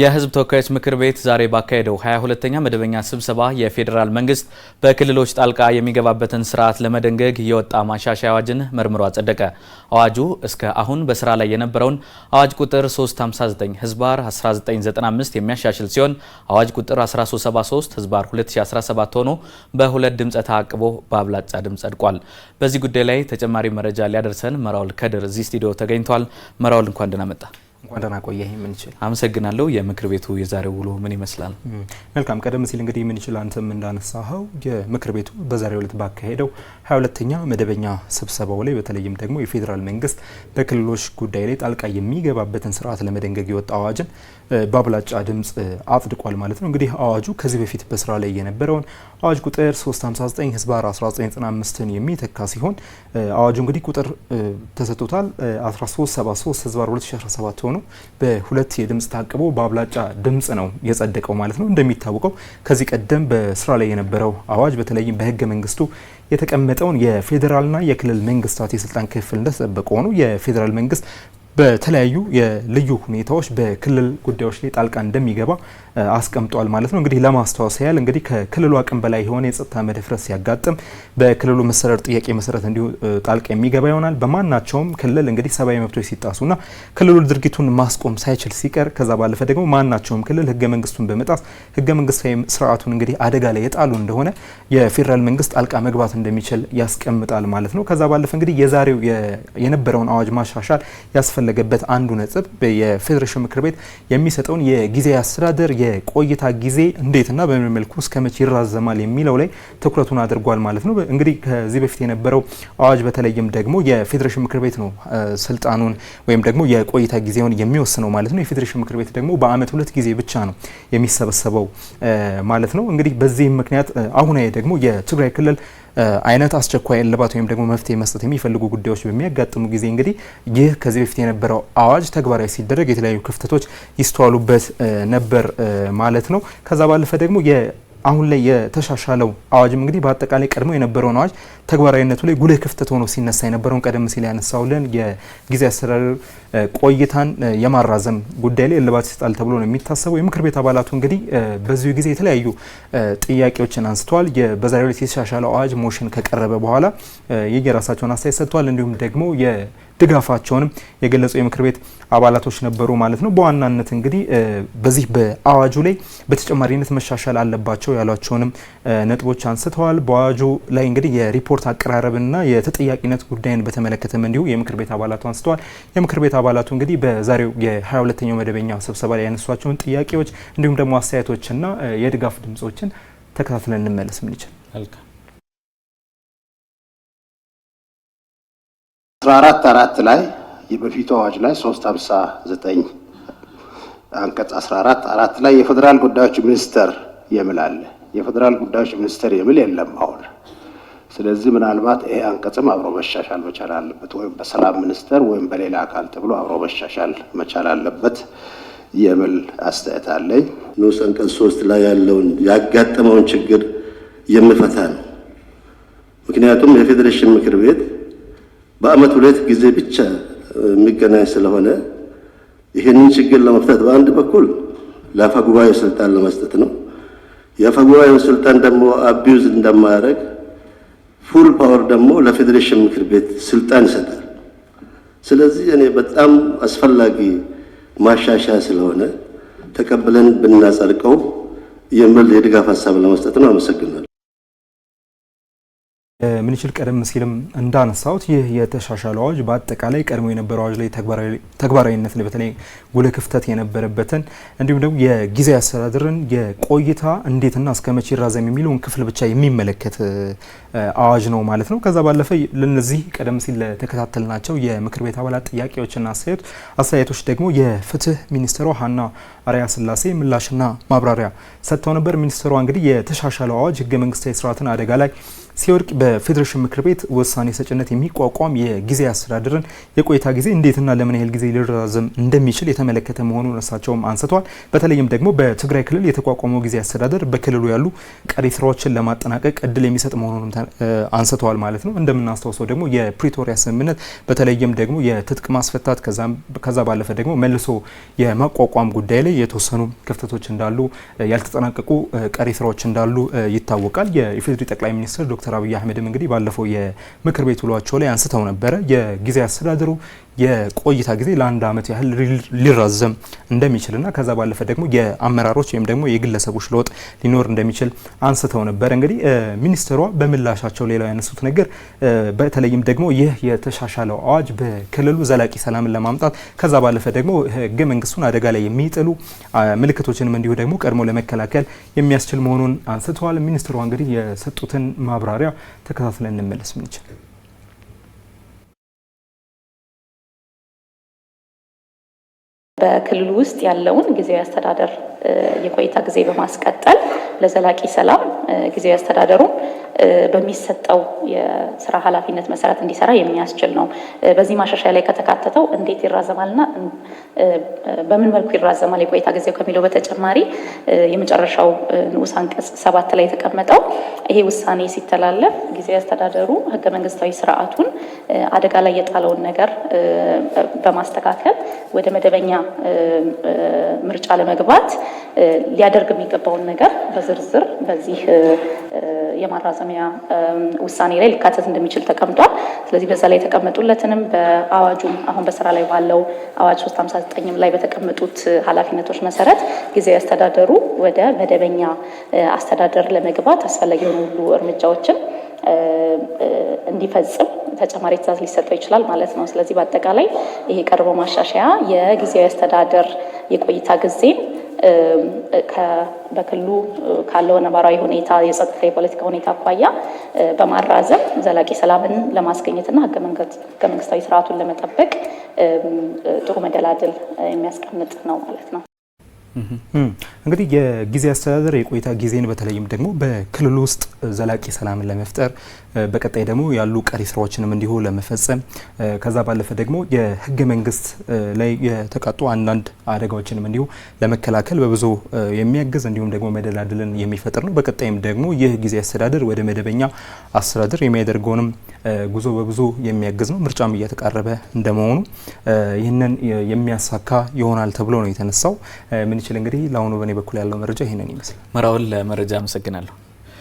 የህዝብ ተወካዮች ምክር ቤት ዛሬ ባካሄደው 22ኛ መደበኛ ስብሰባ የፌዴራል መንግስት በክልሎች ጣልቃ የሚገባበትን ስርዓት ለመደንገግ የወጣ ማሻሻያ አዋጅን መርምሮ አጸደቀ። አዋጁ እስከ አሁን በስራ ላይ የነበረውን አዋጅ ቁጥር 359 ህዝባር 1995 የሚያሻሽል ሲሆን አዋጅ ቁጥር 1373 ህዝባር 2017 ሆኖ በሁለት ድምፀ ተአቅቦ በአብላጫ ድምፅ ጸድቋል። በዚህ ጉዳይ ላይ ተጨማሪ መረጃ ሊያደርሰን መራውል ከድር እዚህ ስቱዲዮ ተገኝቷል። መራውል እንኳን ደህና መጣ። እንኳን ደህና ቆየህ ምንችል። አመሰግናለሁ። የምክር ቤቱ የዛሬው ውሎ ምን ይመስላል? መልካም። ቀደም ሲል እንግዲህ ምንችል አንተም እንዳነሳኸው የምክር ቤቱ በዛሬው ዕለት ባካሄደው ሀያ ሁለተኛ መደበኛ ስብሰባው ላይ በተለይም ደግሞ የፌዴራል መንግስት በክልሎች ጉዳይ ላይ ጣልቃ የሚገባበትን ስርዓት ለመደንገግ የወጣ አዋጅን በአብላጫ ድምጽ አጽድቋል ማለት ነው። እንግዲህ አዋጁ ከዚህ በፊት በስራ ላይ የነበረውን አዋጅ ቁጥር 359 ህዝባር 1995ን የሚተካ ሲሆን አዋጁ እንግዲህ ቁጥር ተሰጥቶታል 1373 ህዝባር 2017 ሆኖ ነው። በሁለት የድምፅ ታቅቦ በአብላጫ ድምፅ ነው የጸደቀው ማለት ነው። እንደሚታወቀው ከዚህ ቀደም በስራ ላይ የነበረው አዋጅ በተለይም በህገ መንግስቱ የተቀመጠውን የፌዴራልና የክልል መንግስታት የስልጣን ክፍል እንደተጠበቀ ሆኖ የፌዴራል መንግስት በተለያዩ የልዩ ሁኔታዎች በክልል ጉዳዮች ላይ ጣልቃ እንደሚገባ አስቀምጧል ማለት ነው። እንግዲህ ለማስታወስ ያህል እንግዲህ ከክልሉ አቅም በላይ የሆነ የጸጥታ መደፍረስ ሲያጋጥም በክልሉ መሰረር ጥያቄ መሰረት እንዲሁ ጣልቃ የሚገባ ይሆናል። በማናቸውም ክልል እንግዲህ ሰብአዊ መብቶች ሲጣሱና ክልሉ ድርጊቱን ማስቆም ሳይችል ሲቀር ከዛ ባለፈ ደግሞ ማናቸውም ክልል ህገ መንግስቱን በመጣስ ህገ መንግስታዊ ስርዓቱን እንግዲህ አደጋ ላይ የጣሉ እንደሆነ የፌዴራል መንግስት ጣልቃ መግባት እንደሚችል ያስቀምጣል ማለት ነው። ከዛ ባለፈ እንግዲህ የዛሬው የነበረውን አዋጅ ማሻሻል ያስፈል ያስፈለገበት አንዱ ነጥብ የፌዴሬሽን ምክር ቤት የሚሰጠውን የጊዜ አስተዳደር የቆይታ ጊዜ እንዴትና በምን መልኩ እስከ መቼ ይራዘማል የሚለው ላይ ትኩረቱን አድርጓል ማለት ነው። እንግዲህ ከዚህ በፊት የነበረው አዋጅ በተለይም ደግሞ የፌዴሬሽን ምክር ቤት ነው ስልጣኑን ወይም ደግሞ የቆይታ ጊዜውን የሚወስነው ማለት ነው። የፌዴሬሽን ምክር ቤት ደግሞ በአመት ሁለት ጊዜ ብቻ ነው የሚሰበሰበው ማለት ነው። እንግዲህ በዚህም ምክንያት አሁን ደግሞ የትግራይ ክልል አይነት አስቸኳይ እልባት ወይም ደግሞ መፍትሄ መስጠት የሚፈልጉ ጉዳዮች በሚያጋጥሙ ጊዜ እንግዲህ ይህ ከዚህ በፊት የነበረው አዋጅ ተግባራዊ ሲደረግ የተለያዩ ክፍተቶች ይስተዋሉበት ነበር ማለት ነው። ከዛ ባለፈ ደግሞ አሁን ላይ የተሻሻለው አዋጅም እንግዲህ በአጠቃላይ ቀድሞ የነበረውን አዋጅ ተግባራዊነቱ ላይ ጉልህ ክፍተት ሆኖ ሲነሳ የነበረውን ቀደም ሲል ያነሳውልን የጊዜ አስተዳደር ቆይታን የማራዘም ጉዳይ ላይ እልባት ይሰጣል ተብሎ ነው የሚታሰበው። የምክር ቤት አባላቱ እንግዲህ በዚሁ ጊዜ የተለያዩ ጥያቄዎችን አንስተዋል። በዛሬው ላይ የተሻሻለው አዋጅ ሞሽን ከቀረበ በኋላ የየራሳቸውን አስተያየት ሰጥተዋል። እንዲሁም ደግሞ ድጋፋቸውንም የገለጹ የምክር ቤት አባላቶች ነበሩ ማለት ነው። በዋናነት እንግዲህ በዚህ በአዋጁ ላይ በተጨማሪነት መሻሻል አለባቸው ያሏቸውንም ነጥቦች አንስተዋል። በአዋጁ ላይ እንግዲህ የሪፖርት አቀራረብና የተጠያቂነት ጉዳይን በተመለከተም እንዲሁ የምክር ቤት አባላቱ አንስተዋል። የምክር ቤት አባላቱ እንግዲህ በዛሬው የ22ኛው መደበኛ ስብሰባ ላይ ያነሷቸውን ጥያቄዎች እንዲሁም ደግሞ አስተያየቶችና የድጋፍ ድምጾችን ተከታትለን እንመለስ። ምንችል ቁጥር አራት አራት ላይ የበፊቱ አዋጅ ላይ ሶስት ሀምሳ ዘጠኝ አንቀጽ አስራ አራት አራት ላይ የፌዴራል ጉዳዮች ሚኒስተር የሚል አለ። የፌዴራል ጉዳዮች ሚኒስተር የሚል የለም አሁን። ስለዚህ ምናልባት ይሄ አንቀጽም አብሮ መሻሻል መቻል አለበት፣ ወይም በሰላም ሚኒስተር ወይም በሌላ አካል ተብሎ አብሮ መሻሻል መቻል አለበት የሚል አስተያየት አለኝ። ንዑስ አንቀጽ ሶስት ላይ ያለውን ያጋጠመውን ችግር የሚፈታ ነው። ምክንያቱም የፌዴሬሽን ምክር ቤት በአመት ሁለት ጊዜ ብቻ የሚገናኝ ስለሆነ ይህንን ችግር ለመፍታት በአንድ በኩል ለአፈ ጉባኤው ስልጣን ለመስጠት ነው። የአፈ ጉባኤው ስልጣን ደግሞ አቢዩዝ እንደማያደርግ ፉል ፓወር ደግሞ ለፌዴሬሽን ምክር ቤት ስልጣን ይሰጣል። ስለዚህ እኔ በጣም አስፈላጊ ማሻሻያ ስለሆነ ተቀብለን ብናጸድቀው የሚል የድጋፍ ሀሳብ ለመስጠት ነው። አመሰግናለሁ። ምንችል ቀደም ሲልም እንዳነሳሁት ይህ የተሻሻለ አዋጅ በአጠቃላይ ቀድሞ የነበረ አዋጅ ላይ ተግባራዊነትን በተለይ ጉልህ ክፍተት የነበረበትን እንዲሁም ደግሞ የጊዜ አስተዳደርን የቆይታ እንዴትና እስከ መቼ ይራዘም የሚለውን ክፍል ብቻ የሚመለከት አዋጅ ነው ማለት ነው። ከዛ ባለፈ ለነዚህ ቀደም ሲል ለተከታተልናቸው የምክር ቤት አባላት ጥያቄዎችና አስተያየቶች ደግሞ የፍትህ ሚኒስትሯ ሀና አርአያ ስላሴ ምላሽና ማብራሪያ ሰጥተው ነበር። ሚኒስትሯ እንግዲህ የተሻሻለው አዋጅ ህገ መንግስታዊ ስርዓትን አደጋ ላይ ሲወድቅ በፌዴሬሽን ምክር ቤት ውሳኔ ሰጭነት የሚቋቋም የጊዜ አስተዳደርን የቆይታ ጊዜ እንዴትና ለምን ያህል ጊዜ ሊራዘም እንደሚችል የተመለከተ መሆኑን እሳቸውም አንስተዋል። በተለይም ደግሞ በትግራይ ክልል የተቋቋመው ጊዜ አስተዳደር በክልሉ ያሉ ቀሪ ስራዎችን ለማጠናቀቅ እድል የሚሰጥ መሆኑንም አንስተዋል ማለት ነው። እንደምናስታውሰው ደግሞ የፕሪቶሪያ ስምምነት በተለይም ደግሞ የትጥቅ ማስፈታት ከዛ ባለፈ ደግሞ መልሶ የማቋቋም ጉዳይ ላይ የተወሰኑ ክፍተቶች እንዳሉ፣ ያልተጠናቀቁ ቀሪ ስራዎች እንዳሉ ይታወቃል። የኢፌዴሪ ጠቅላይ ሚኒስትር ዶክተር ዶክተር አብይ አህመድም እንግዲህ ባለፈው የምክር ቤት ውሏቸው ላይ አንስተው ነበረ የጊዜ አስተዳደሩ የቆይታ ጊዜ ለአንድ አመት ያህል ሊራዘም እንደሚችልና ከዛ ባለፈ ደግሞ የአመራሮች ወይም ደግሞ የግለሰቦች ለውጥ ሊኖር እንደሚችል አንስተው ነበር። እንግዲህ ሚኒስትሯ በምላሻቸው ሌላው ያነሱት ነገር በተለይም ደግሞ ይህ የተሻሻለው አዋጅ በክልሉ ዘላቂ ሰላምን ለማምጣት ከዛ ባለፈ ደግሞ ህገ መንግስቱን አደጋ ላይ የሚጥሉ ምልክቶችንም እንዲሁ ደግሞ ቀድሞ ለመከላከል የሚያስችል መሆኑን አንስተዋል። ሚኒስትሯ እንግዲህ የሰጡትን ማብራሪያ ማብራሪያ ተከታትለን እንመለስ ምንችል በክልሉ ውስጥ ያለውን ጊዜያዊ አስተዳደር የቆይታ ጊዜ በማስቀጠል ለዘላቂ ሰላም ጊዜያዊ አስተዳደሩ በሚሰጠው የስራ ኃላፊነት መሰረት እንዲሰራ የሚያስችል ነው። በዚህ ማሻሻያ ላይ ከተካተተው እንዴት ይራዘማልና በምን መልኩ ይራዘማል የቆይታ ጊዜው ከሚለው በተጨማሪ የመጨረሻው ንዑስ አንቀጽ ሰባት ላይ የተቀመጠው ይሄ ውሳኔ ሲተላለፍ ጊዜያዊ አስተዳደሩ ህገ መንግስታዊ ስርዓቱን አደጋ ላይ የጣለውን ነገር በማስተካከል ወደ መደበኛ ምርጫ ለመግባት ሊያደርግ የሚገባውን ነገር በዝርዝር በዚህ የማራዘሚያ ውሳኔ ላይ ሊካተት እንደሚችል ተቀምጧል። ስለዚህ በዛ ላይ የተቀመጡለትንም በአዋጁም አሁን በስራ ላይ ባለው አዋጅ 359 ላይ በተቀመጡት ኃላፊነቶች መሰረት ጊዜያዊ አስተዳደሩ ወደ መደበኛ አስተዳደር ለመግባት አስፈላጊ የሆኑ ሁሉ እርምጃዎችን እንዲፈጽም ተጨማሪ ትዛዝ ሊሰጠው ይችላል ማለት ነው። ስለዚህ በአጠቃላይ ይሄ ቀርቦ ማሻሻያ የጊዜያዊ አስተዳደር የቆይታ ጊዜን በክልሉ ካለው ነባራዊ ሁኔታ የጸጥታ የፖለቲካ ሁኔታ አኳያ በማራዘም ዘላቂ ሰላምን ለማስገኘትና ህገ መንግስታዊ ስርዓቱን ለመጠበቅ ጥሩ መደላድል የሚያስቀምጥ ነው ማለት ነው። እንግዲህ የጊዜ አስተዳደር የቆይታ ጊዜን በተለይም ደግሞ በክልሉ ውስጥ ዘላቂ ሰላምን ለመፍጠር በቀጣይ ደግሞ ያሉ ቀሪ ስራዎችንም እንዲሁ ለመፈጸም ከዛ ባለፈ ደግሞ የህገ መንግስት ላይ የተቃጡ አንዳንድ አደጋዎችንም እንዲሁ ለመከላከል በብዙ የሚያግዝ እንዲሁም ደግሞ መደላድልን የሚፈጥር ነው። በቀጣይም ደግሞ ይህ ጊዜ አስተዳደር ወደ መደበኛ አስተዳደር የሚያደርገውንም ጉዞ በብዙ የሚያግዝ ነው። ምርጫም እየተቃረበ እንደመሆኑ ይህንን የሚያሳካ ይሆናል ተብሎ ነው የተነሳው። ምንችል እንግዲህ ለአሁኑ በእኔ በኩል ያለው መረጃ ይህንን ይመስላል። መራውን ለመረጃ አመሰግናለሁ።